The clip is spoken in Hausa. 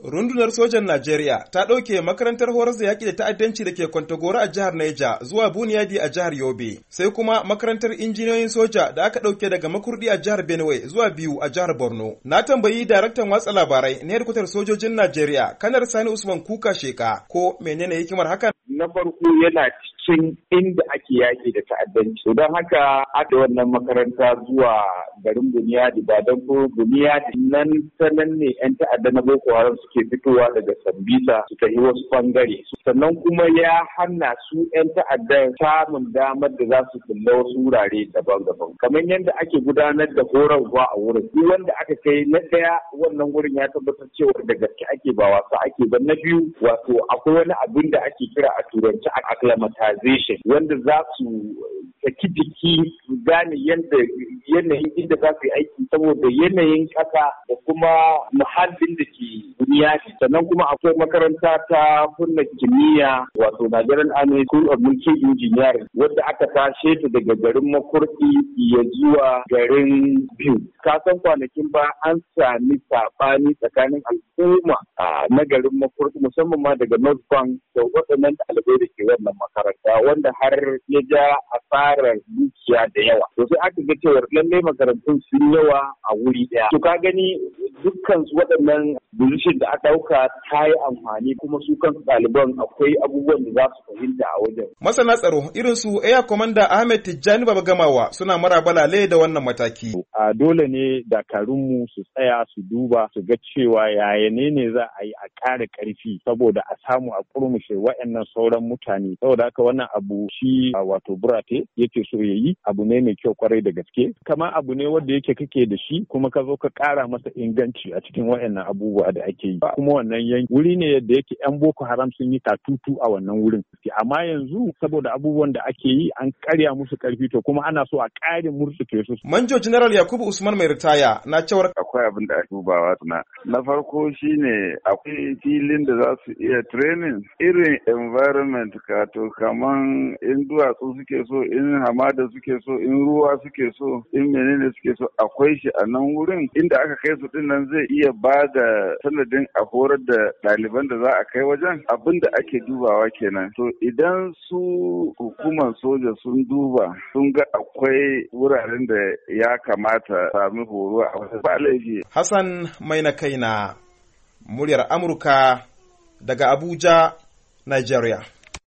Rundunar sojan Najeriya ta ɗauke makarantar horar da yaƙi da ta'addanci da ke Kwantagora a jihar Neja zuwa Buniyadi a jihar Yobe, sai kuma makarantar injiniyoyin soja da aka ɗauke daga makurdi a jihar Benue zuwa biyu a jihar Borno. Na tambayi daraktan watsa labarai na yadda sojojin Najeriya, Kanar Sani Usman Kuka Sheka, ko menene hikimar hakan? na farko yana cikin inda ake yaki da ta'addanci. Don haka aka wannan makaranta zuwa garin Buniyadi ba don ko Buniyadi nan sanan ne 'yan ta'adda na Boko Haram suke fitowa daga Sambisa su tafi wasu bangare. Sannan kuma ya hana su 'yan ta'adda samun damar da za su kulla wasu wurare daban-daban. Kamar yadda ake gudanar da horarwa a wurin. Duk wanda aka kai na ɗaya wannan wurin ya tabbatar cewa da gaske ake ba wasa ake ba na biyu wato akwai wani abin da ake kira a a turanci acclimatization wanda za su saki jiki su gane yanayin inda za su yi aiki saboda yanayin ƙasa da kuma muhallin da ke duniya sannan kuma akwai makaranta ta kunna kimiyya wato Nigerian Army School of Military Engineering wadda aka tashe ta daga garin makurki ya zuwa garin biyu kasan kwanakin ba an sami sabani tsakanin al'umma na garin makurki musamman ma daga North Bank da waɗannan ɗalibai da ke wannan makaranta wanda har ya ja a asarar dukiya da yawa to sai aka ga cewa lallai makarantun sun yawa a wuri ɗaya to ka gani dukkan waɗannan bulishin da aka ɗauka ta yi amfani kuma su kansu ɗaliban akwai abubuwan da za su fahimta a wajen. Masana tsaro irin su Air Commander Ahmed Tijjani Baba Gamawa suna mara balale da wannan mataki. A dole ne dakarunmu su tsaya su duba su ga cewa yaya ne ne za a yi a ƙara ƙarfi saboda a samu a kurmushe waɗannan sauran mutane saboda haka wannan abu shi wato burate yake so ya yi abu ne mai kyau kwarai da gaske kamar abu ne wanda yake kake da shi kuma ka zo ka ƙara masa inganci ta'addanci a cikin waɗannan abubuwa da ake yi kuma wannan yanki wuri ne yadda yake yan boko haram sun yi katutu a wannan wurin amma yanzu saboda abubuwan da ake yi an karya musu karfi to kuma ana so a ƙare murtsuke su manjo general yakubu usman mai ritaya na cewar akwai abin da dubawa na na farko shine akwai filin da za su iya training irin environment ka to kaman in duwatsu suke so in hamada suke so in ruwa suke so in menene suke so akwai shi a nan wurin inda aka kai su din nan nan zai iya ba da sanadin a horar da ɗaliban da za a kai wajen abin da ake dubawa kenan to idan su hukumar soja sun duba sun ga akwai wuraren da ya kamata sami horo a wasu ba hassan mai na kai na muryar amurka daga abuja nigeria